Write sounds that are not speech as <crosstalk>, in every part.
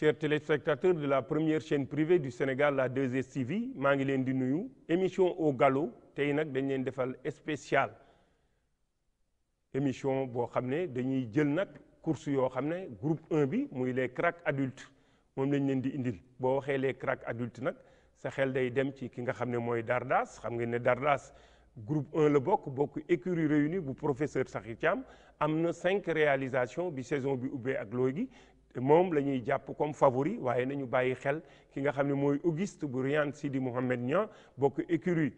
chers téléspectateurs de la première chaîne privée du Sénégal la 2STV maa ngi leen di nuyu émission au galop tey nag dañ leen defal spécial émission boo xam ne dañuy jël nag course yoo xam ne groupe un bi muy les cracks adulte moom lañ leen di indil boo waxee les cracks adultes nag sa xel day dem ci ki nga xam ne mooy Dardas xam nga ne Dardas groupe 1 la bokk bokk écurie réunie bu professeur Sakhi Thiam am na cinq réalisation bi saison bi ubbee ak looy moom la ñuy jàpp comme favori waaye nañu bàyyi xel ki nga xam ne mooy Auguste bu Riyane Sidi Mohamed ña bokk écurie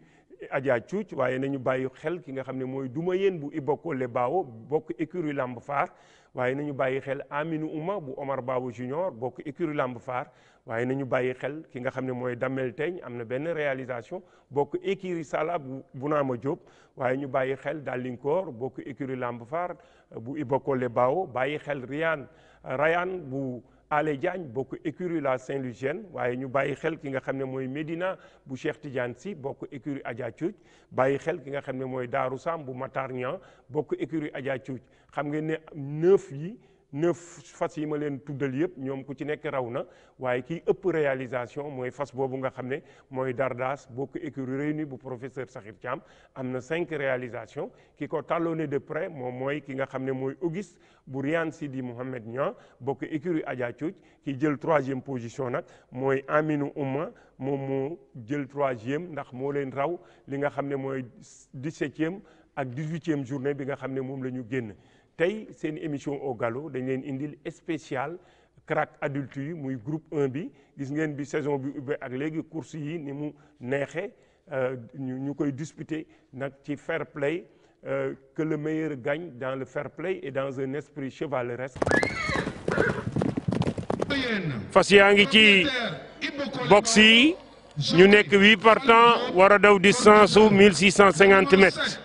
Adja Cuuc waaye nañu bàyyi xel ki nga xam ne mooy Doumayeen bu Iboko Lebao bokk écurie làmb Faar waaye nañu bàyyi xel Aminu Uma bu Omar Babou Junior bokk écurie Lamb Faar waaye nañu bàyyi xel ki nga xam ne mooy dammel Teeñ am na benn réalisation bokk écurie Sala bu Bunaama Diop waaye ñu bàyyi xel Dalinkoor bokk écurie Lamb Faar euh, bu Iba Kole bàyyi xel Riyaan euh, Rayaan bu Alé Diagne bokk écurie la Saint-Louisienne waaye ñu bàyyi xel ki nga xam ne mooy Médina bu Cheikh Tidiane si bokk écurie Adja bàyyi xel ki nga xam ne mooy Daaru Sam bu Matar bokk écurie Adja xam nga ne neuf yi neuf fas yi ma leen tuddal yëpp ñoom ku ci nekk raw na waaye kii ëpp réalisation mooy fas boobu nga xam ne mooy Dardas bokk écurie Rewmi bu professeur Sakhir Thiam am na cinq réalisation ki ko tàlloone de près moom mooy ki nga xam ne mooy Auguste bu Rian Sidi Mohamed Niang bokk écurie Adja Thioch ki jël troisième position nag mooy Aminou Ouma moom moo jël troisième ndax moo leen raw li nga xam ne mooy dix-septième ak dix-huitième journée bi nga xam ne moom la ñu génn tey seen émission au galop dañ leen indil spécial crack adulte yi muy groupe 1 bi gis ngeen bi saison bi ubbee ak léegi course yi ni mu neexee euh, ñu koy disputé nag ci fair play euh, que le meilleur gagne dans le fair play et dans un esprit chevaleresque fas yaa ngi ci box yi ñu nekk huit partants war a daw di su 1650 mètres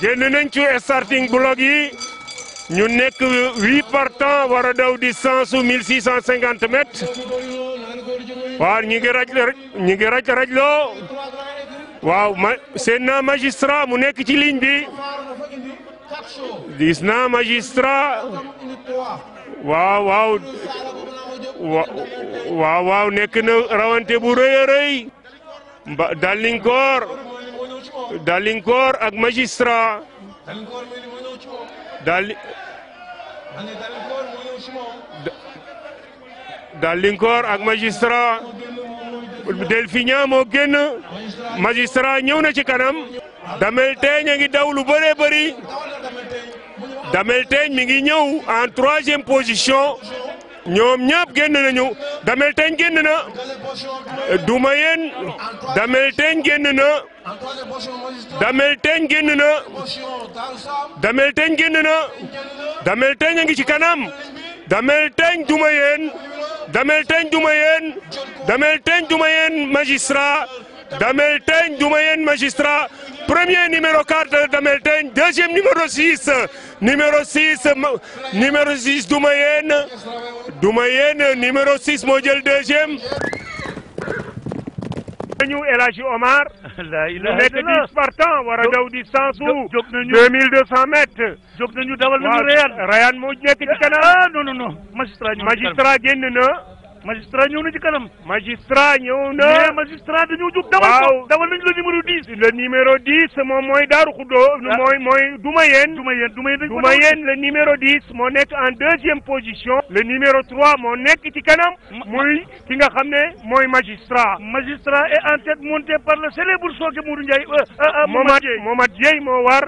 génn nañ ci starting block yi ñu nekk huit partants war daw distance su mille six cinquante mètres waaw ñu raj raj rajloo waaw seen naa magistrat mu nekk ci ligne bi gis naa magistrat waaw waaw nekk na rawante bu rëy a rëy dalinkoor dalinkoor ak magistrat daal daal ak magistrat Delphinia moo génn magistrat ñëw na ci kanam Damel Teeñ a ngi daw lu bëree bëri Damel Teeñ mi ngi ñëw en troisième position ñoom ñëpp génn nañu Damel Teeñ génn na Doumayen Damel Teeñ génn na Damel Teeñ génn na Damel Teeñ génn na Damel Teeñ a ngi ci kanam Damel Teeñ Doumayen Damel Teeñ Doumayen Damel Teeñ Doumayen magistrat Damel Teeñ Doumayen magistrat Premier numéro 4 d'Amelten, deuxième numéro 6, numéro 6, numéro 6 Doumayenne, Doumayenne, numéro 6 moo jël deuxième. ñu El Hadji Omar. nekk dix partant a daw distance bu. jóg nañu deux nekk ci kanam. Ah, non non non magistrat génn magistrat ñëw na ci kanam. magistrat ñëw na. mais magistrat dañoo jóg. dawal ko dawal nañ le numéro 10. le numéro 10 moom mooy Darou Khoudo. Ah. mooy mooy Dumayeen. Dumayeen Dumayeen dañ ko Dumayeen le numéro 10 moo nekk en deuxième position. le numéro 3 moo nekk ci kanam. muy ki nga xam ne mooy magistrat. magistrat est en tête montée par le célèbre Soké Mourou Ndiaye. Momat euh, euh, euh, Momat Dieye moo war.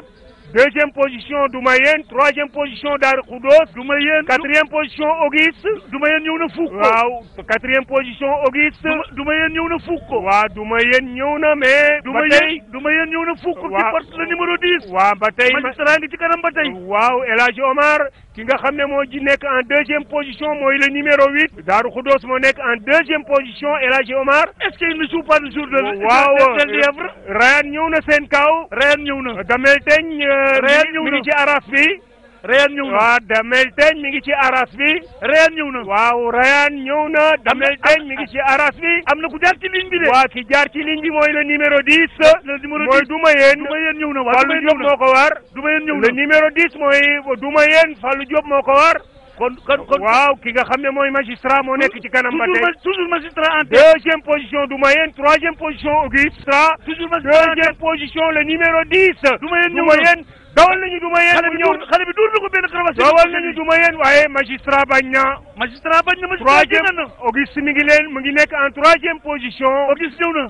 deuxième position Doumayen troisième position Daaru Khoudoss Doumayen quatrième position Auguste Doumayen ñëw na fukk waaw quatrième position Auguste Doumayen ñëw na fukk waaw Doumayen ñëw na mais Doumayen Doumayen ñëw na fukk ci porte le numéro dix waaw ba tey magistrat ngi ci kanam ba tey waaw El Hadj Omar ki nga xam ne moo ji nekk en deuxième position mooy le numéro huit Daaru Khoudoss moo nekk en deuxième position El Hadj Omar est-ce qu'il ne joue pas le jour de waaw Rayane ñëw na seen kaw Rayane ñëw na mi ngi ci aras bi. Rayane ñëw na waaw Damel Teeñ mi ngi ci aras bi. Rayane ñëw na waaw Rayane ñëw na Damel Teeñ mi ngi ci aras bi. am na ku jaar ci ligne bi de. waa ki jaar ci ligne bi mooy le numéro 10. le numéro 10 mooy Doumayeen. Doumayeen ñëw na waaw Fallou Diop moo ko war. Doumayeen ñëw na le numéro 10 mooy Doumayeen Fallou Diop moo ko war. kon kon ki nga xam ne mooy magistrat moo nekk ci kanam ba tey toujours magistrat en tête deuxième position Doumayen troisième position Auguste toujours magistrat deuxième position le numéro dix Doumayen Doumayen dawal nañu Doumayen mu ñëw xale bi duur na ko benn karawas dawal nañu Doumayen waaye magistrat bañ na magistrat bañ na troisième mi ngi leen mu ngi nekk en troisième position Auguste ñëw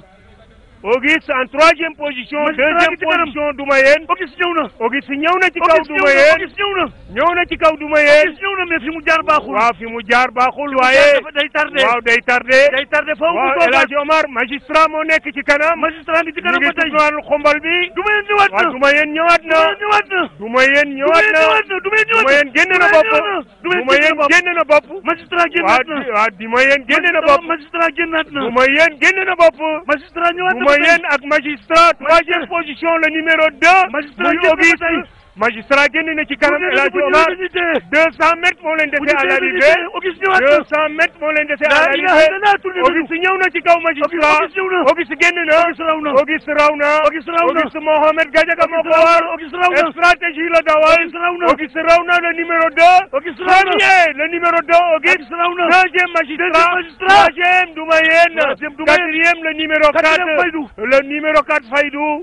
Auguste en troisième position. deuxième position duma yéen. Auguste ñëw na. Auguste ñëw na ci kaw duma yéen. Auguste ñëw ci kaw duma yéen. Auguste fi mu jaar baaxul. waaw fi mu jaar baaxul waaye. day tardé waaw day tardé. day tardé foofu mu El Hadj Omar magistrat moo nekk ci kanam. magistrat bi ci kanam ba tey ñu bi. ñëwaat na duma yéen ñëwaat na ñëwaat na duma yéen ñëwaat na duma yéen ñëwaat na duma yéen génne na bopp duma yéen génne na bopp magistrat génnaat na waaw duma yéen génne na bopp magistrat génnaat na duma yéen génne na bopp magistrat ñëwaat na duma yéen ak magistrat troisième position le numéro deux magistrat magistrat génn na ci kanam El Hadj Omar 200 mètres moo leen dese à l'arrivée 200 mètres moo leen dese à l'arrivée Auguste ñëw na ci kaw magistrat Auguste génn na Auguste raw na Auguste Mohamed Gadiaga moo ko war stratégie la dawal Auguste raw na le numéro 2 premier le numéro 2 Auguste deuxième magistrat troisième Doumayenne quatrième le numéro 4 le numéro 4 Faydou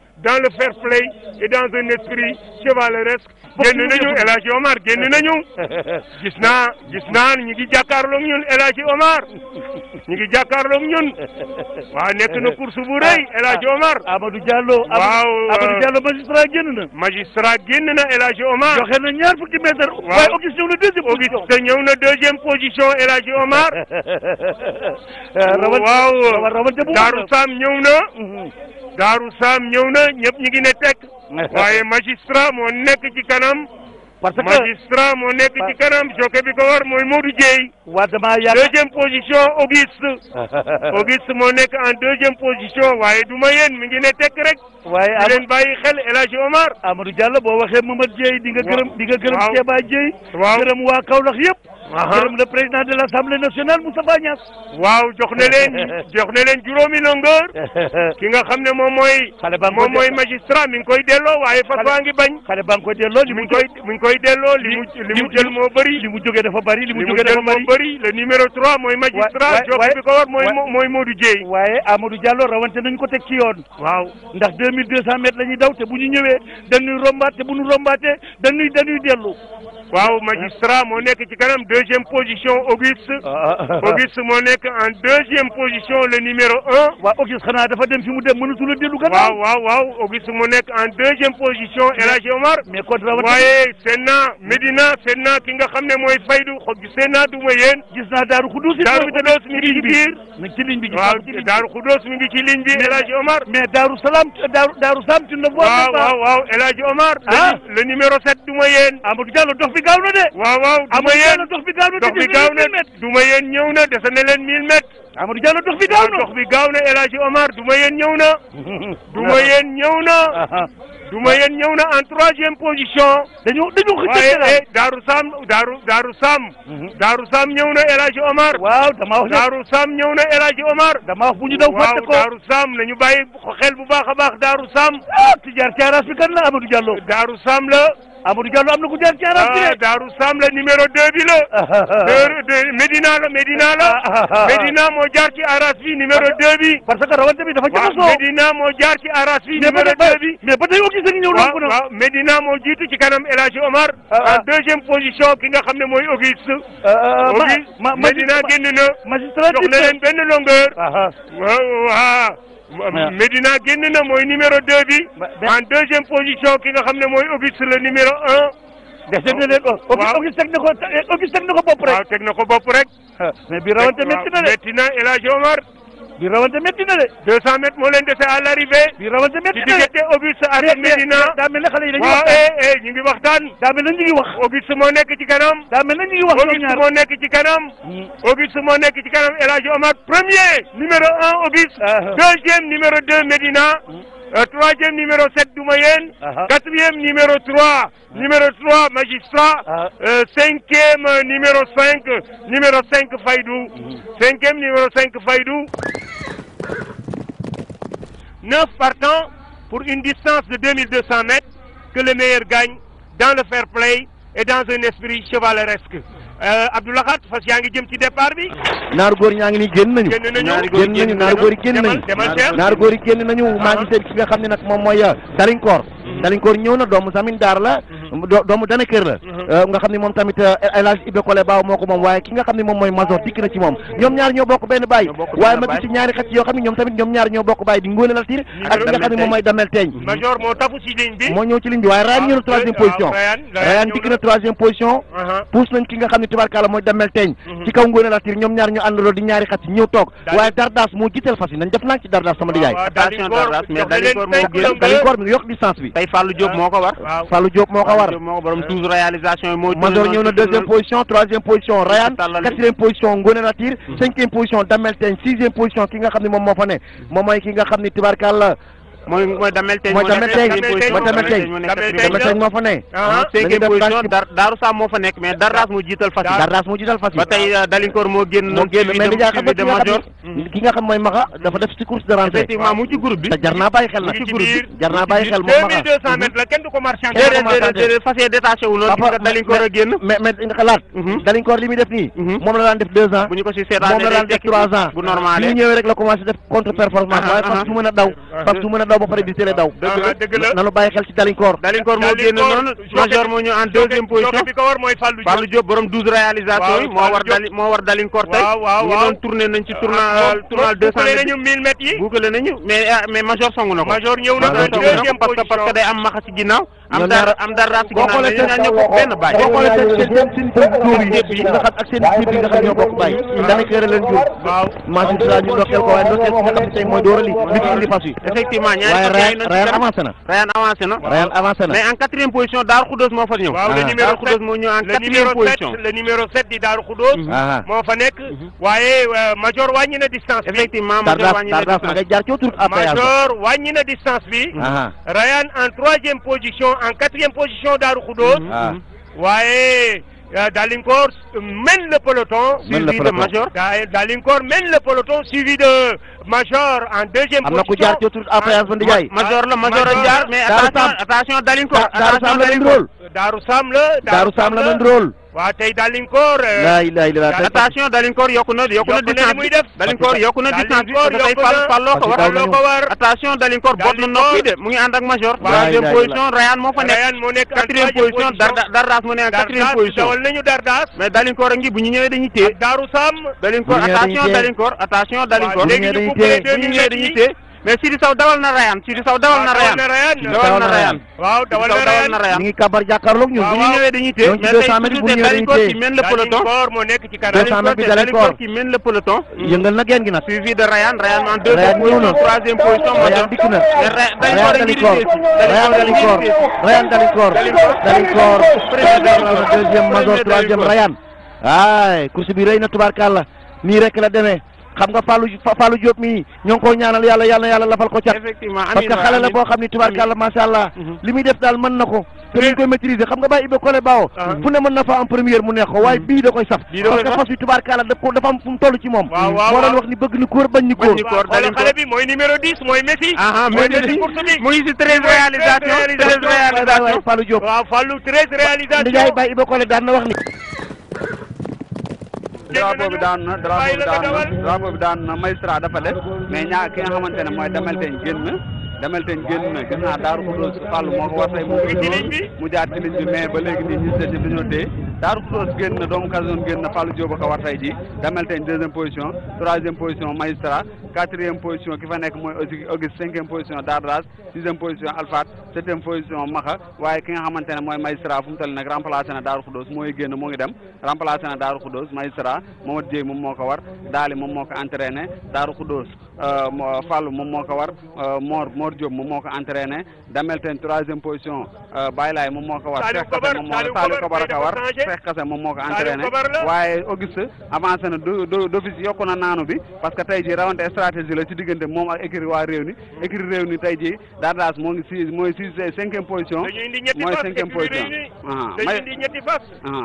dans le fair play et dans un esprit na génn nañu El Hadj Omar génn nañu <laughs> gis naa gis naa ñu ngi jàkkaarloog ñun El Hadj Omar ñu ngi jàkkaarloog ñun nekk na course bu rëy a ah, Hadj ah, Omar. Amadou Diallo waaw Amadou euh, Diallo magistrat génn na. magistrat génn na El Hadj Omar. joxe na ñaar na deuxième position. Auguste <laughs> ñëw na Omar. Mhm. waaw Daaru Sam ñëw na. Daaru Sam ñëw na. ñëpp ñu ngi ne tekk <laughs> waaye magistrat moo nekk ci kanam. parce que magistrat moo nekk ci kanam jokkoo bi ko war mooy Modou Dieye. waa damaa yàgg deuxième position Auguste. <laughs> Auguste moo nekk en deuxième position waaye du ma yéen mi ngi ne tek rek. waaye Amadou di leen bàyyi xel El Hadj Omar. Amadou Diallo boo waxee Mamadou Dieye di nga gërëm di nga gërëm. waaw Kéba Dieye. waaw gërëm yëpp. gërëm le président de l' assemblée nationale Moustapha waaw jox ne leen <laughs> jox na leen juróomi longueur <laughs> ki nga xam ne moom mooy xale ba moom mooy magistrat mi ngi koy delloo waaye fas waa ngi bañ xale ba ngi koy delloo li mu koy mi ngi koy delloo li mu li mu jël moo bëri li mu jógee dafa bari li mu jógee dafa bëri bëri le numéro trois mooy magistrat jox bi ko war mooy moo Modou Dieye waaye Amadou Diallo rawante nañ ko teg ci yoon waaw ndax deux ñuy daw te bu ñu ñëwee dañuy rombaat te bu ñu rombaatee waaw magistrat moo nekk ci kanam deuxième position Auguste. Ah, ah, ah, Auguste moo nekk en deuxième position le numéro un. waaw Auguste xanaa dafa dem fi mu dem mënatul a dellu gannaaw. waaw waaw waaw Auguste moo nekk en deuxième position El Hadj Omar. mais contrat waaye waaye Senna Medina Senna ki nga xam ne mooy Faydu xob Senna du ma yéen. gis naa Darou Khoudoss. Darou Khoudoss mi ngi ci biir. ci ligne bi ci waaw Darou Khoudoss mi ngi ci ligne bi El Hadj Omar. mais Darou Salaam Darou Darou Sam tu ne vois pas. waaw waaw waaw El Hadj Omar. ah le numéro sept du ma yéen. Amadou Diallo dox bi. bi gaaw na de. waaw waaw du ma yéen dox bi gaaw na dox bi gaaw na du ma yéen ñëw na dese na leen 1000 mètres. Amadou Diallo dox bi gaaw na dox bi gaaw na El Hadj Omar du ma yéen ñëw na. <laughs> du ma yéen ñëw na. du ma yéen ñëw na en troisième position. dañu dañu xëcc la waaye eh, Darou Sam Darou Darou Sam. Mhm. Darou Sam ñëw na El Hadj Omar. waaw dama wax Darou Sam ñëw na El Hadj Omar. dama wax bu ñu daw fàtte ko waaw Darou Sam nañu bàyyi xel bu baax a baax Darou Sam. ah Tidiane Thiaras bi kan la Amadou Diallo. Darou Sam la. Amadou ah, Diallo am na ku jaar ci arab bi de. Daaru Sam la numéro 2 la. <laughs> Medina la Medina la. <laughs> Medina moo jaar ci arab bi numéro 2 bi. parce que rawante bi dafa jaxasoo. waaw Medina moo ci arab bi numéro 2 bi. na. waaw waaw Medina moo jiitu ci kanam El Hadj Omar. Ah, ah. en deuxième position ki nga xam ne mooy Ogis. Ogis Medina génn na. magistrat jox na benn longueur. waaw waaw. Médina génn na mooy numéro deux bi. en deuxième position ki nga xam ne mooy Auguste le numéro un. des na leen Auguste teg na ko Auguste teg na ko bopp rek. waaw teg na ko bopp rek. <laughs> mais bi rawante métti na de métti na El Hadj Omar. bi rawante métti na de. 200 mètres moo leen dese à l' arrivée. bi rawante métti na de ci diggante Auguste ak Medina. daa mel ne xale yi dañuy waxtaan waaw eh eh ñu ngi waxtaan. daa mel wax. moo nekk ci kanam. daa mel ne ñu ngi wax ñoom ñaar Auguste moo nekk ci kanam. Mm. Auguste moo nekk ci kanam El Hadj Omar premier numéro un Auguste. Ah, ah. deuxième numéro deux Medina. Mm. Euh, troisième numéro sept Doumayen quatrième numéro trois numéro trois magistrat ah. euh, cinquième euh, numéro cinq numéro cinq Faydou mm. cinquième numéro cinq Faydou neuf partants pour une distance de mètres que le meilleur gagne dans le fair play et dans un esprit chevaleresque Euh, Abdou Lahat fas yaa ngi jëm ci départ bi. naar góor ñaa ngi nii génn nañu. génn nañu naar góor yi génn nañu. naar góor yi génn nañu maa ngi seet ki xam ne nag moom mooy Dalinkoor. Euh, Dalinkoor hmm. ñëw na doomu Samin Daar la. doomu dana kër la mhm. euh, nga xam ne moom tamit euh, El Hadj Ibe Kole Baaw moo moom waaye ki nga xam moom mooy Mazor dikk ci moom mhm. ñoom ñaar ñoo bokk benn baay waaye ma gis ci ñaari xaj yoo tamit ñoom ñaar ñoo bokk baay di Ngóone Latir mhm. ak ki nga xam moom mooy Damel Teeñ moo tapu ci waaye Rayane ah, ah, ñëw na troisième position Rayane dikk na troisième position puus nañ ki nga xam ne tubaarkalla Damel Teeñ ci kaw Ngóone Latir ñoom ñaar ñoo àndandoo di ñaari xaj ñëw waaye Sawar Major ñëw na deuxième position troisième position Rayane quatrième position Ngone Ratir mm-hmm. cinquième position Damel Teñ sixième position ki nga xam ne moom moo fa mm-hmm. ki nga xam ne tubaarkàlla mooy mooy damel tey mooy damel tey mooy damel tey damel jiital fas yi darras jiital fas ba tey euh, dalinkoor moo génn moo génn mais déjà xam nga major ki nga xam mooy maxa dafa def ci course de rentrée effectivement mu ci groupe bi te jar naa bàyyi xel na ci groupe bi jar naa bàyyi xel moom wu noonu dalinkoor a génn mais mais nga mhm. dalinkoor li muy def nii mhm. moom la daan def deux ans moom la daan def trois ans bu normal ñëwee rek la commencé def contre daw ba pare di télé daw. Ah, ah, dëgg la nanu bàyyi xel ci Dalinkoor. Dalinkoor moo génn noonu. major moo ñu en deuxième position. bi ko war mooy Fallou Diop Fallou Diop douze réalisateurs yi. moo war dali moo war Dalinkoor tey. waaw ñu doon tourné nañ ci tournal ah, euh, mais mais major song na ko. major day am maxa si ginnaaw. am dara am dara si ginnaaw dañu naan ñoo bokk benn baay. boo xoolee seen seen seen tuur yi nga xam ak seen équipe yi nga xam ñoo bokk baay. daanaka yore leen jur. waaw maa ngi ko waaye ndokkeel ki nga xam ne tey mooy dóorali. li ci indi fas yi ñaari waaye Rayane avancé na Rayane avancé en quatrième position Daaru Xudóos moo fa ñëw waaw ah. le numéro sept moo ñëw en quatrième position di Daaru Xudóos mm-hmm. moo fa nekk major mm-hmm. wàññi na distance effectivement euh, major wàññi na distance bi mm-hmm. Rayane en troisième position en quatrième position Daaru Xudóos ah. waaye Euh, Dalincourt mène le peloton. mène le peloton suivi de Major. Euh, Dalincourt mène le peloton suivi de Major en deuxième position. am na ku jaar ci autoroute à Major la Major a jaar mais attention attention Dalincourt. attention Dalincourt Darou Sam la Darou Sam la mën rôle. waaw tey Dalinkoor. Euh, laa ilaaha illallaah attention Dalinkoor yokku na yokku na distance bi Dalinkoor yokku na distance ko war loo ko war attention Dalinkoor boot na nopp bi de mu ngi ànd ak major. troisième position Rayane moo fa nekk quatrième position Dardas moo nekk quatrième position mais Dalinkoor a ngi bu ñu ñëwee dañuy téye Darou Sam Dalinkoor attention Dalinkoor attention bu ñu ñëwee dañuy mais Sidi Sow dawal na Rayane Sidi Sow dawal na Rayane dawal na Rayane waaw dawal na Rayane ñu ngi kabar jàkkaarloog ñun bu ñu ñëwee dañuy téye mais tey su ñu dañu ko ci mène le peloton moo nekk ci kanam dañu ko ci mène le peloton yëngal na geen gi nag suivi de Rayane Rayane en deuxième position troisième position Rayane dikk na Rayane Dalifort Rayane Dalifort Rayane Dalifort Dalifort deuxième major troisième Rayane ay course bi rëy na tubaarkàlla nii rek la demee xam nga Fallou Fallou Diop mii ñoo ngi ñaanal yàlla yàlla yàlla lafal ko cat effectivement parce xale la boo xam ni tubaarkàlla macha allah mhm. li muy def daal mën na ko te dañ koy maîtriser xam nga bàyyi Ibou Kole Bao ah. fu ne mën na fa am première mu neex ko waaye mhm. bii da koy saf parce que fas wi tubaarkàlla daf dafa mu toll ci moom moo doon wax ni bëgg ni kóor bañ ni kóor mooy numéro 10 mooy Messi ah, ah, mooy Messi course bi mu ngi si treize réalisation treize réalisation Fallou Diop waaw Fallou drapeau bi daanu na drapeau bi daanu na drapeau bi daanu na magistrat dafa def mais ñaa ki nga xamante ne mooy Damel Teeñ génn demal génn naa Daaru Xudoos Fallou moo ko war tey mu mu jaar ci bi mais ba léegi nii ñu seet dañoo téye Daaru Xudoos génn na doomu Kazoon génn na Fallou Diop a ko war ji demal deuxième position troisième position magistrat quatrième position ki fa nekk mooy aussi Auguste cinquième position Dardas sixième position Alfat septième position Maxa waaye ki nga xamante ne mooy magistrat fu mu toll nag remplacé na Daaru Xudoos Mor Diop moom moo ko entraîné Damelten troisième position euh, Baye Laye moom moo ko war Seex Kase moom moo Saliou Kobar waaye Auguste avancé na d'office yokku na naanu bi parce que tey jii rawante stratégie la ci diggante moom ak écurie waa réew ni écurie réew ni Dardas moo si mooy si cinquième position mooy cinquième position ah,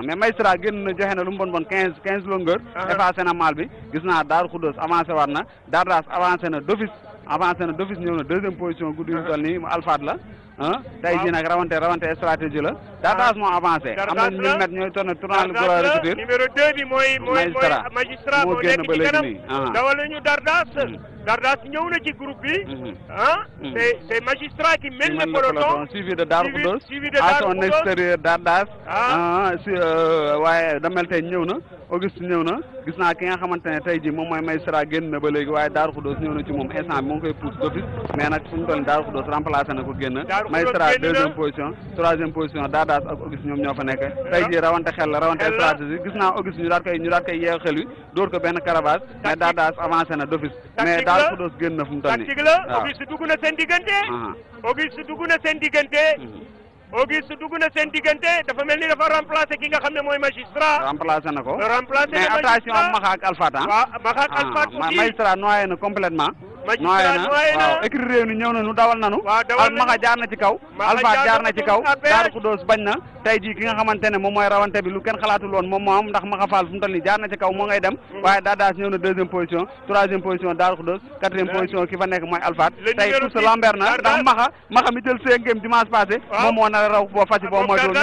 mais ah, magistrat génn joxe na lu mu bon bon quinze quinze longueur ah. na mal bi gis naa Daaru Xuddoos avancé war na Dardas avancé na d'office avancé na d'office ñëw na deuxième position guddi yu toll nii mu alfaat la ah tey nag rawante rawante stratégie la. Ah. Datas moo avancé. am na ñu met ñooy tourné tournant Gora Couture. numéro bi mooy. mooy magistrat moo nekk ci kanam. Ah. dawal nañu Dardas. Hmm. Dardas ñëw na ci groupe bi. ah hmm. hmm. c' est c' est magistrat qui mène le peloton de Darou Khoudoss suivi de Darou Khoudoss à Dardas. ah, ah euh, waaye damel tey ñëw na Auguste ñëw na gis naa ki nga xamante ne tey moom mooy magistrat génn na ba léegi waaye Darou Khoudoss ñëw na ci moom instant bi moo koy pousse d'office mais nag fu mu toll Darou Khoudoss na ko génn. magistrat deuxième position troisième position Dadas ak Auguste ñoom ñoo fa nekk ah. tey jii rawante xel la rawante stratégie gis naa Auguste ñu daat koy ñu daat koy yeew wi dóor ko benn caravage mais Dadas avancé na d'office mais daal Xudoos génn na fu mu toll o waaw Auguste dugg na seen diggante ah. Auguste dugg na mhm. na seen diggante dafa mel ni dafa remplacé ki nga xam ne mooy magistrat. remplacé na ko remplacé na magistrat mais attention am Maxa ak Alfate ah. waaw Maxa ak ah, Alfate nooye na waaw écrit réew ni ñëw na nu dawal nanu al maxa jaar na ci kaw alpha jaar na ci kaw daar xudoos bañ na tey jii ki nga xamante ne moom mooy rawante bi lu kenn xalaatul moom ndax maxa faal fu mu toll nii jaar na ci kaw moo ngay dem mm. waaye daadaas ñëw na deuxième position troisième position daar xudoos quatrième position ki fa nekk mooy alpha tey course na ndax maxa maxa mi jël cinquième dimanche passé moom moo nar a raw boo fasi boo moytuwul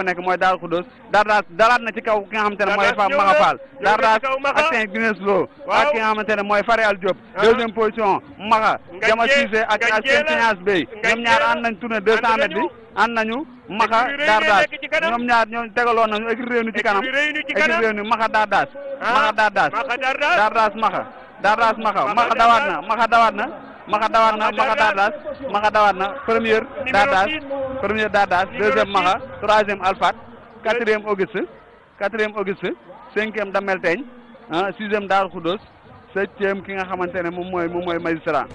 mais nekk mooy Daaru Xudóos daaraas dalaat na ci kaw ki nga xamante ne mooy fa Maxa Fall daaraas a Saint Guinness Lo a ki nga xamante ne mooy Farial Diop deuxième position Maxa Jama Cissé a ak seen finance bay ñoom ñaar ànd nañ tournée deux cent mètres bi ànd nañu Maxa Dardaas ñoom ñaar ñoo tegaloon nañu équipe réew ni ci kanam équipe réew ni ah. Maxa Dardaas Maxa Dardaas Dardaas Maxa Dardaas Maxa dawaat na Maxa dawaat na maxa dawaan na maxa daadaas première daadaas première daadaas deuxième maxa troisième alfat quatrième auguste quatrième auguste cinquième damel teeñ sixième daar xudos septième ki nga xamante ne moom mooy mooy magistrat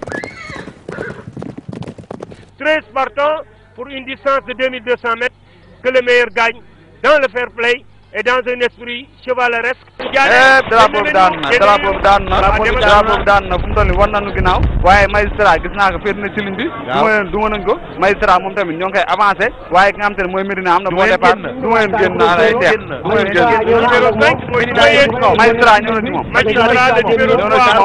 treize partants pour une distance de deux mille deux cents mètres que le meilleur gagne dans le fair play et dans un esprit chevaleresque. Eh, drapeau bi daan na drapeau bi daan na drapeau bi daan na fu mu toll nii war nañu ginnaaw waaye magistrat gis naa ko féet na ci bi. waaw du ma leen ko magistrat moom tamit ñoo ngi koy avancé waaye ki nga xam te ne mooy Medina am na boo départ du ma leen génn naa lay teex du ma leen génn magistrat ñëw na ci moom magistrat de numéro trois waaye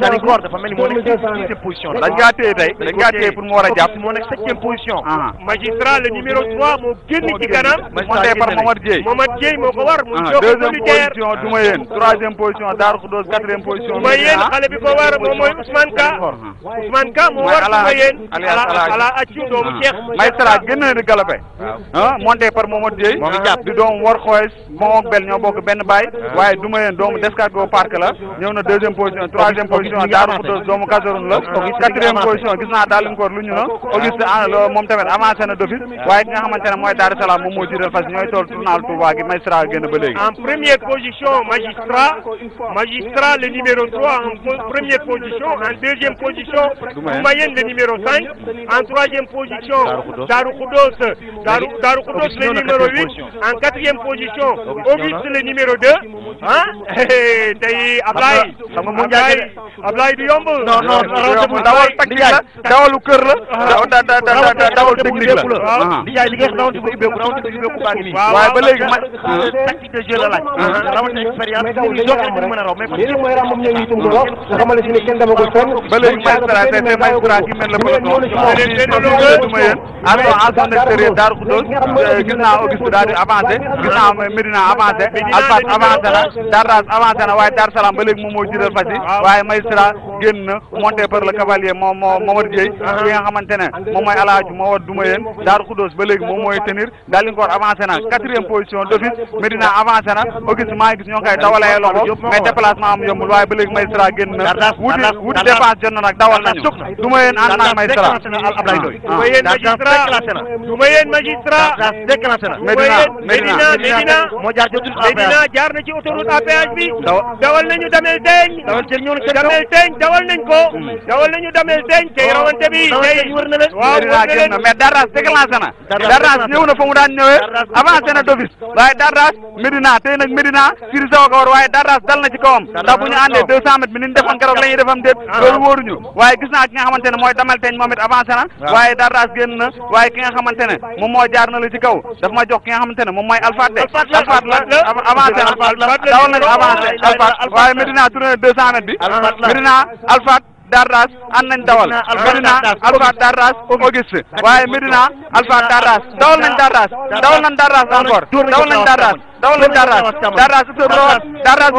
daal di góor dafa mel ni moo nekk sixième position dañ ngaa téye tey dañ ngaa téye pour mu war a jàpp moo nekk septième position magistrat le numéro 3 moo génn ci kanam. magistrat par Momad Dieye Momad Dieye moo ko war. mu ah, jox deuxième position du ma yéen troisième position Darou Khoudoss quatrième position. ma yéen xale bi ko war moom mooy Ousmane Ka. Ousmane Ka moo war ma yéen. ala ala accu doomu ah. Cheikh. magistrat gën na di galopé. ah monté par Momad Dieye. moo ngi jàpp di doomu war xooy moom ak bel ñoo bokk benn baay. waaye du ma yéen doomu Descargo Parc la. ñëw na deuxième position troisième position Darou Khoudoss doomu Cameroun la. quatrième position gis naa daal encore lu ñu na Auguste ah, moom tamit Dakar avancé na d'office waaye ki nga xamante ne mooy Daaru Salaam moom moo jiital fas ñooy tool tournal Touba gi magistrat génn ba léegi en première position magistrat magistrat le numéro trois en première position en deuxième position Doumayen le numéro cinq en troisième position Darou Khoudoss Darou Khoudoss le numéro huit en quatrième position Auguste le numéro deux ah <laughs> tey Ablaye Ablaye Ablaye du yomb non non dawal takk la ah. dawalu technique la waaw li jaay li ngay rawante bu ubbeeku rawante bu ubbeeku baa ngi nii waaye ba léegi ma tactique de jeu la laaj rawante expérience ñu jox ñu mën a raw mais parce que mooy ram moom ñëw itam ko nga xamal ci ne kenn demagul fenn ba léegi magistrat te te magistrat yi mel la peloton duma yéen alors ensemble extérieur Daaru Xudoos gis naa Auguste daal di avancé gis naa Médina avancé Alphas avancé na Dardas avancé na waaye Dar Salaam ba léegi moom moo jiital fas yi waaye magistrat génn na monté par le cavalier moom moo Momar Dieye ki nga xamante ne moom mooy alaaju moo Ngor duma leen Daaru Khoudoss ba léegi moom mooy tenir daal li Ngor na quatrième position d'office Medina avancé na Auguste maa gis ñoo ngi koy dawalee loxo mais déplacement am yombul waaye ba léegi wuti wuti dépense nag dawal nañu duma yéen ànd naa Maïsra ah. duma yéen magistrat duma yéen magistrat Medina Medina Medina Medina jaar na ci autoroute à dawal nañu damel teeñ damel teeñ dawal nañ ko hmm. dawal nañu damel teeñ tey rawante bi tey waaw wër mais Dardas déclenché na Dardas ñëw na fa mu daan ñëwee avancé na Dovis waaye Dardas Medina tey nag Medina Siri Sow ko waaye Dardas dal ci kawam ndax bu ñu àndee deux cent bi ni ñu defoon keroog la ñuy defam déet ah. loolu waaye gis naa ki nga xamante mooy damal teeñ moom it waaye Dardas génn na waaye ki nga xamante moom moo jaar na ci kaw daf ma jox ki nga xamante moom mooy Alfate Alfate la avancé na dawal na Darras ànd nañ dawal Medina Alpha Darras Auguste waaye Medina Alpha Darras dawal nañ Darras dawal nañ Darras encore dawal nañ Darras dawal nañ Darras Darras Eto'o Ross Darras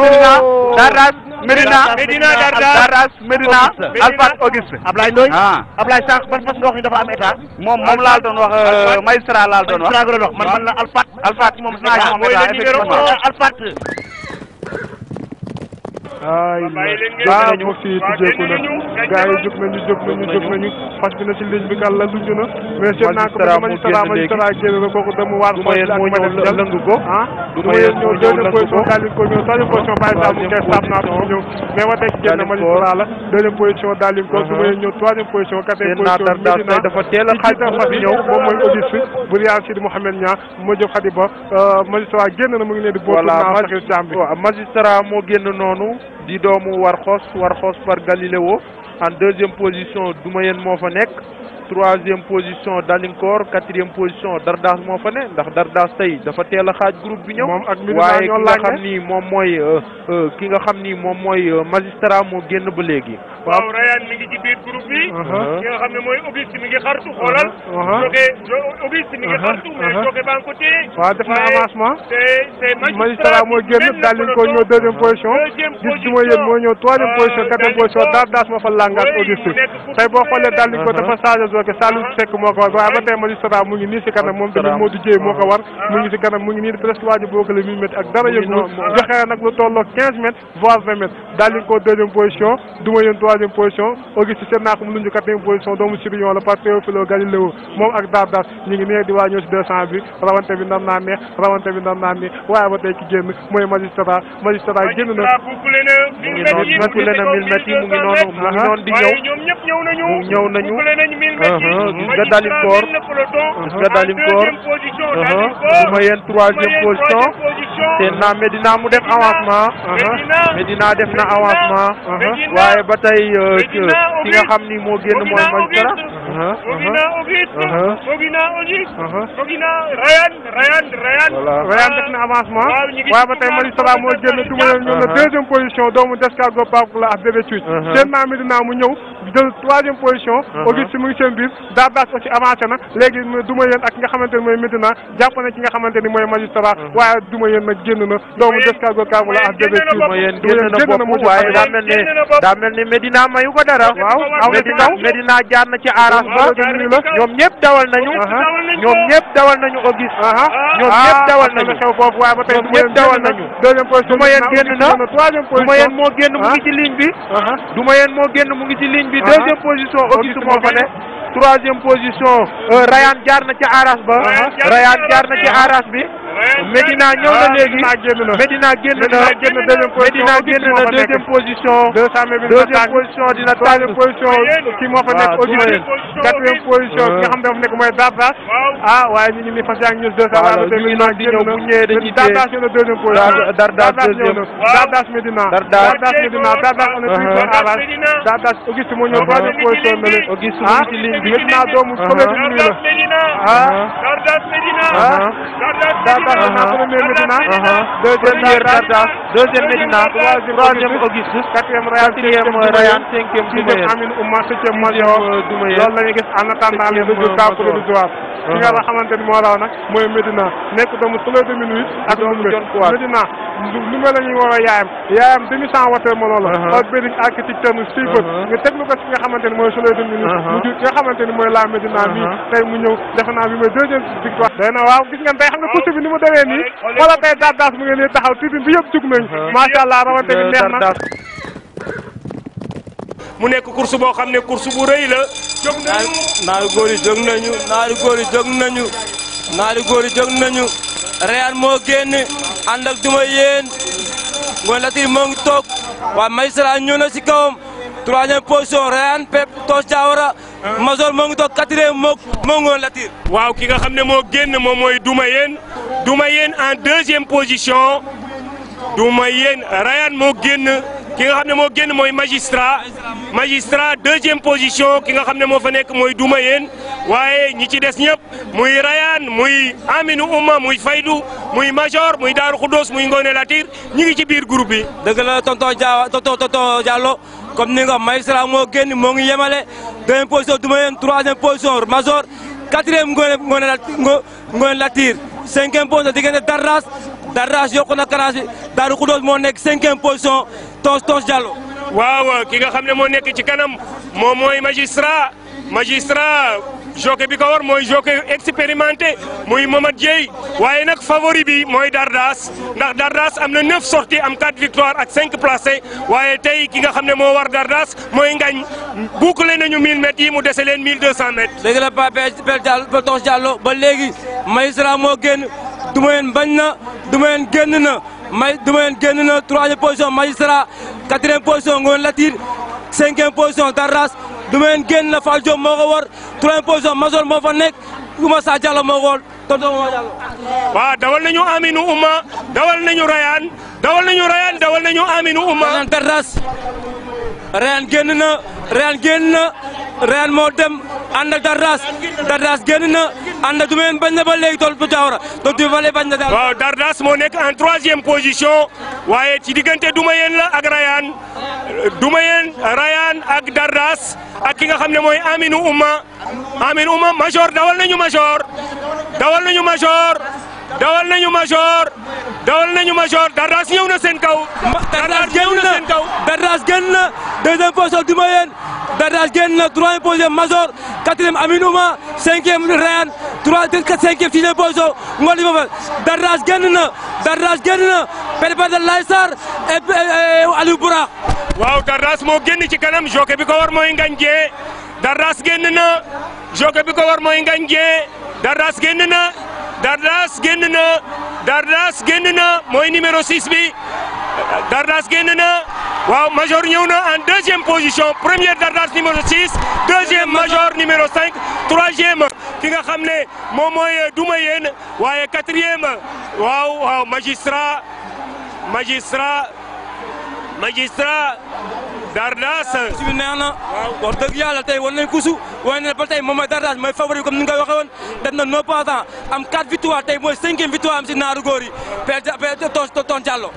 Medina Darras Medina Darras Medina Alpha Auguste. Ablaye Ndoye ah. Ablaye sànq ban fas ndox mi dafa euh, la Alpha. Alpha moom si ay la ñu wax fii tijjeeku na gars yi jóg nañu jóg nañu jóg nañu fas bi na ci ligne bi kàlla lu ñu na mais seen naa na kooku dama waar fayel ak ma def lëng ko ah du ma yéen ñëw deuxième position ko ñëw troisième position bàyyi saa mu la deuxième position daal ko du ma yéen ñëw troisième position quatrième position midi na dafa teel a xaaj na fas ñëw moom mooy audit bi bu Riyad Sidi Mouhamed Niang euh, na mu ngi leen di bootu naa saxir caam bi magistrat noonu di doomu war Warxos Warxos par Galileo en deuxième position Doumayen moo fa nekk troisième position Dalincor quatrième position Dardas moo fa ne ndax Dardas tey dafa teel a xaaj groupe bi ñëw. waaye euh, euh, ki nga xam ni moom mooy ki nga xam ni moom mooy magistrat moo génn ba léegi. waaw Rayane mi ngi ci biir groupe bi. Uh-huh. Uh-huh. ki nga xam ne mooy Auguste mi ngi xartu xoolal. Uh-huh. joge Auguste mi ngi xartu. mais joge baa ngi ko téye. waaw def na avancement. te te magistrat mooy génn daal di ko ñëw deuxième position. gis gi mooy yéen moo ñëw troisième position quatrième position daal daas ma fa làngaat Auguste tey boo xoolee daal di ko dafa changé joge Saliou Seck moo ko war waaye ba tey magistrat mu ngi nii si kanam moom tamit Modou Dieye moo ko war mu ngi si kanam mu ngi nii presque waaju boo ko la mille di ko deuxième position duma troisième position Auguste Sernac mu lunju quatrième position doomu Sirion la par Théophile Galileo moom ak Dar Dar ñu ngi nee di waa ñëw si deux cent bi rawante naa neex rawante bi nar naa neex waaye ba tey ki mooy magistrat magistrat génn na mu ngi noonu bouclé na mille mètres yi mu ngi mu ngi noonu di ñëw ñëw nañu uh-huh. gis nga dalim koor gis nga dalim koor bu ma yeen troisième position te Medina mu def avancement uh-huh. Medina def na avancement uh-huh. waaye ba tey tey euh, ki nga xam ni moo génn mooy magistrat Ogina Ogit Ogina Ogit Ogina Rayane Rayane Rayane Rayane def na ah. avancement waaye ba tey magistrat moo génn du ma leen ñëw na deuxième position doomu Deska Gopal la ak Bébé Cuuj uh-huh. seen naa mi dinaa mu ñëw jël troisième position Auguste mu ngi seen biir daa baas aussi avancé na léegi duma yéen ak ki nga xamante ni mooy Medina jàpp na ki nga xamante ni mooy magistrat uh-huh. waaye duma yéen nag génn na doomu Descargo Kaamul ak bébé duma yéen génn na bopp waaye daa mel ni daa mel ni Medina mayu ko dara waaw aw Medina Medina jaar na ci aras ba ñoom ñëpp dawal nañu ñoom ñëpp dawal nañu Auguste ah. ñoom ñëpp ah. dawal nañu xew foofu waaye ba tey ñëpp dawal nañu deuxième position duma yéen génn na duma ah. yéen moo génn mu ngi ci ligne bi duma yéen moo génn mu ngi ci ligne bi deuxième position Auguste moo fa ne troisième position euh, Rayane jaar na ci aras ba Rayane jaar na ci aras bi Medina ñëw na léegi Medina génn na Medina génn na deuxième position deuxième position dina troisième position kii moo fa nekk ah, Augustin quatrième position ah. ki nga xam ne dafa nekk mooy Daba ah waaye ñu ngi nii fas yaa ngi ñun deux cent vingt deux mille di ñëw bu ñëwee dañuy téye Dardas ñëw na deuxième position Dardas ñëw na Dardas Medina Dardas Medina Dardas on est plus fort à l'âge Dardas Augustin moo ñëw troisième position na leen Augustin mu ci ligne bi ah. Medina doomu Sobé bi ñu la ah Euh, Médina deuxième Mermoz deuxième Médina troisième Auguste quatrième Rayane cinquième Rayane cinquième Doumbouya sixième Amine Ouma septième Malior Doumbouya loolu la ñu gis en euh, ki nga xamante moo raw nag mooy Médina nekk doomu Soleil de Minuit ak Médina lu mel la ñuy war a yaayam yaayam demi cent watee ma loola ak bénig ak ci terme siifat nga teglu ko ci nga xamante mooy Soleil de Minuit mu jur nga xamante mooy la Médina mi tey mu ñëw defe bi mooy deuxième victoire mu demee nii wala ta Dar Daas mu ngi nii taxaw tribune bi yëpp jug nañ uh-huh. macha allah rawante neex na mu nekk course boo xam ne course bu rëy la jóg nañu naari góor yi jóg nañu naari góor yi jóg nañu naari góor yi jóg nañu Rayane moo génn ànd ak yéen Ngoye Latyr moo ngi toog waa Maïsara ñëw na si kawam troisième position Rayane Pep Toos Diawara Major moo ngi toog quatrième moo moo waaw ki nga xam ne moo génn moom mooy Douma Yeen Douma Yeen en deuxième position Douma Yeen Rayane moo génn ki nga xam ne moo génn mooy magistrat magistrat deuxième position ki nga xam ne moo fa nekk mooy Douma Yeen waaye ñi ci des ñëpp muy Rayane muy Aminu Ouma muy Faydu muy Major muy Daaru Xuddoos muy Ngoone Latir ñi ngi ci biir groupe bi. dëgg la tonton Dia comme ni nga magistrat moo génn moo ngi yemale deuxième position Doumayen troisième position Major quatrième Ngone Ngone Ngone Latir cinquième position diggante Darras Darras yokku na kalaas bi Daaru Xudóos moo nekk cinquième position Tons Tons Diallo. waaw ki nga xam ne moo nekk ci kanam moom mooy magistrat magistrat. jockey bi ko war mooy jockey expérimenté muy Mamad Dieye waaye nag favori bi mooy Dardas ndax Dardas am na 9 sorties am 4 victoires ak 5 placés waaye tey ki nga xam ne moo war Dardas mooy ngañ boucler nañu 1000 mètres yi mu dese leen 1200 mètres. dëgg la Pape Peltos Diallo ba léegi Maïsra moo génn Dumayeen bañ na Dumayeen génn na may Dumayeen génn na troisième position Maïsra quatrième position Ngoon Latir cinquième position Dardas. du meen génn na Fall Diop moo ko war troisième position Major moo fa nekk Oumassa Diallo moo ko war tonton Oumar Diallo. waaw dawal nañu Aminou Ouma dawal nañu Rayane dawal nañu Rayane dawal nañu Aminou Ouma. Rayane Perdas Rayane génn na Rayane génn moo dem ànd Dardas Dardas génn ànd du meen bañ na ba léegi tool bu Diawara Docteur Valle bañ na daal. Dardas moo nekk en troisième position waaye ci diggante Dumayeen la ak Rayaan Dumayeen Rayaan ak Dardas ak ki nga xam ne mooy Aminu Ouma Aminu Ouma major dawal nañu major dawal nañu major. dawal nañu major dawal nañu sen Dardas ñëw na seen kaw. Dardas ñëw na kaw Dardas génn na deuxième position du Moyen Dardas génn na troisième position major quatrième Aminouma cinquième Rayane troisième cinquième sixième position Ngoli Babal Dardas génn na Dardas génn na Pépé Laysar et waaw Dardas moo génn ci kanam jockey bi ko war mooy Ngagne Dieng Dardas génn na. Dardas génn na Dardas génn na mooy numéro 6 bi Dardas génn na waaw Major ñëw na en deuxième position premier Dardas numéro 6 deuxième Major numéro 5 troisième ki nga xam ne moom mooy Duma yéen waaye quatrième waaw waaw magistrat magistrat Dardas kusu ah, bi neex na wax dëgg yàlla tey wan nañ kusu wane ne ba tey moom mooy Dardas mooy favori comme ni nga waxee dem na no passant am 4 victoire mooy cinquième victoire am si naaru góor yi Père Tonton Diallo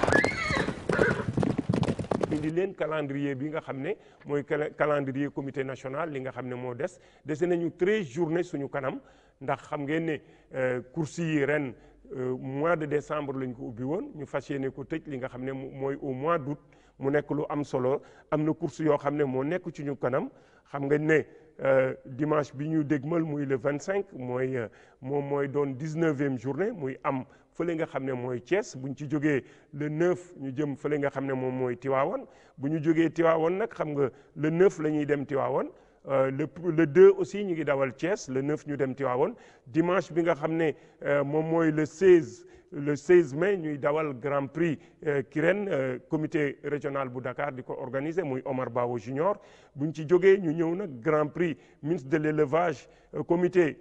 leen calendrier bi nga xam ne mooy calendrier comité national li nga xam ne moo des dese nañu 13 journées suñu kanam ndax xam ngeen ne euh, course yi ren euh, mois de décembre lañ ko ubbi woon ñu fas yéene ko tëj li nga xam ne mooy au mois d'août mu nekk lu am solo am na course yoo xam ne moo nekk ci ñu kanam xam nga ne euh, dimanche bi ñu dégmal muy le cinq mooy euh, moom mooy doon 19e journée muy am fële nga xam ne mooy Thiès bu ñu ci jógee le 9 ñu jëm fële nga xam ne moom mooy Tivaouane bu ñu jógee Tivaouane nag xam nga le 9 la ñuy dem Tivaouane. Euh, le le 2 aussi ñu ngi dawal Thiès le 9 ñu dem Tivaouane dimanche bi nga xam ne euh, moom mooy le 16 le 16 mai ñuy dawal grand prix euh, ki ren euh, comité régional bu Dakar di ko organiser muy Omar Bawo junior buñ ci jógee ñu ñëw nag grand prix ministre de l' élevage euh, comité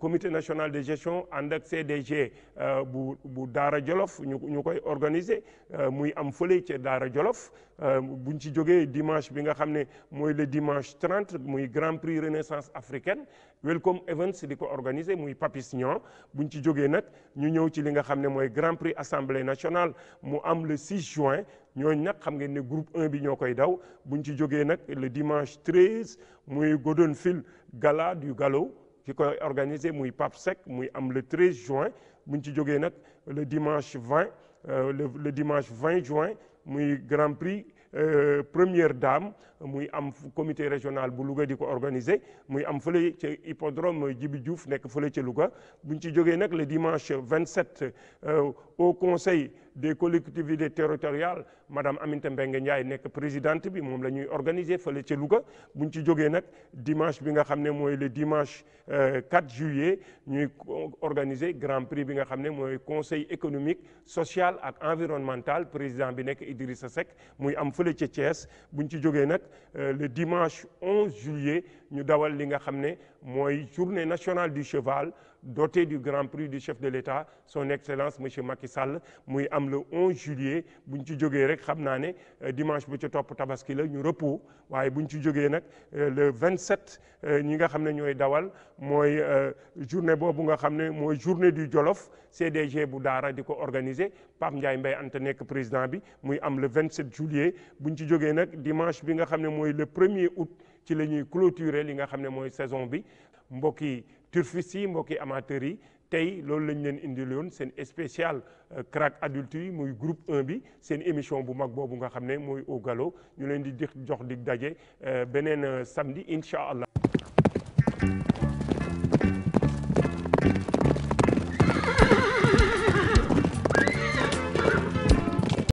comité national de gestion ànd ak CDG bu bu Daara Jolof ñu ñu koy organiser muy am fële ci Daara Jolof buñ ci jógee dimanche bi nga xam ne mooy le dimanche 30 muy grand prix renaissance africaine welcome events di ko organiser muy Papis Niang buñ ci joge nag ñu ñëw ci li xam xam ne mooy grand prix assemblée nationale mu am le 6 juin ñooñu nag xam ngeen ne groupe 1 bi ñoo koy daw bu buñ ci jógee nag le dimanche 13 muy Golden Fil gala du galop ki koy organiser muy Pape sec muy am le 13 juin buñ ci jógee nag le dimanche 20 euh, le dimanche 20 juin muy grand prix. Euh, première dame muy am comité régional bu Louga di ko organiser muy am fële ca hippodrome jibi Diouf nekk fële ci Louga bu ñu ci jógee nag le dimanche 27 euh, au conseil des collectivités territoriales madame Aminata Mbengue Ndiaye nekk président bi moom la ñuy organiser fële ca Louga buñ ci jógee nag dimanche bi nga xam ne mooy le dimanche 4 euh, juillet ñuy organiser grand prix bi nga xam ne mooy conseil économique social ak environnemental président bi nekk Idrissa Seck muy am fële ca Thiès buñ ci jógee nag euh, le dimanche 11 juillet ñu dawal li nga xam ne mooy journée nationale du cheval doté du grand prix du chef de l'État son excellence monsieur Macky Sall muy am le 11 juillet bu ñu ci jógee rek xam naa ne euh, dimanche bu ci topp tabaski la ñu repos waaye bu ñu ci jógee nag euh, le 27 euh, ñi nga xam ne ñooy dawal mooy journée boobu nga xam ne mooy journée du Jolof CDG bu Daara di ko organiser Pape Ndiaye Mbaye Anta nekk président bi muy am le 27 juillet bu ñu ci jógee nag dimanche bi nga xam ne mooy le premier août. ci la ñuy clôturer li nga xam ne mooy saison bi mbokki turfistes yi mbokki amateurs yi tey loolu lañ leen indiloon seen espécial euh, crack adulte yi muy groupe 1 bi seen émission bu mag boobu nga xam ne mooy au ñu leen di jox dig daje euh, beneen euh, samedi incha allah.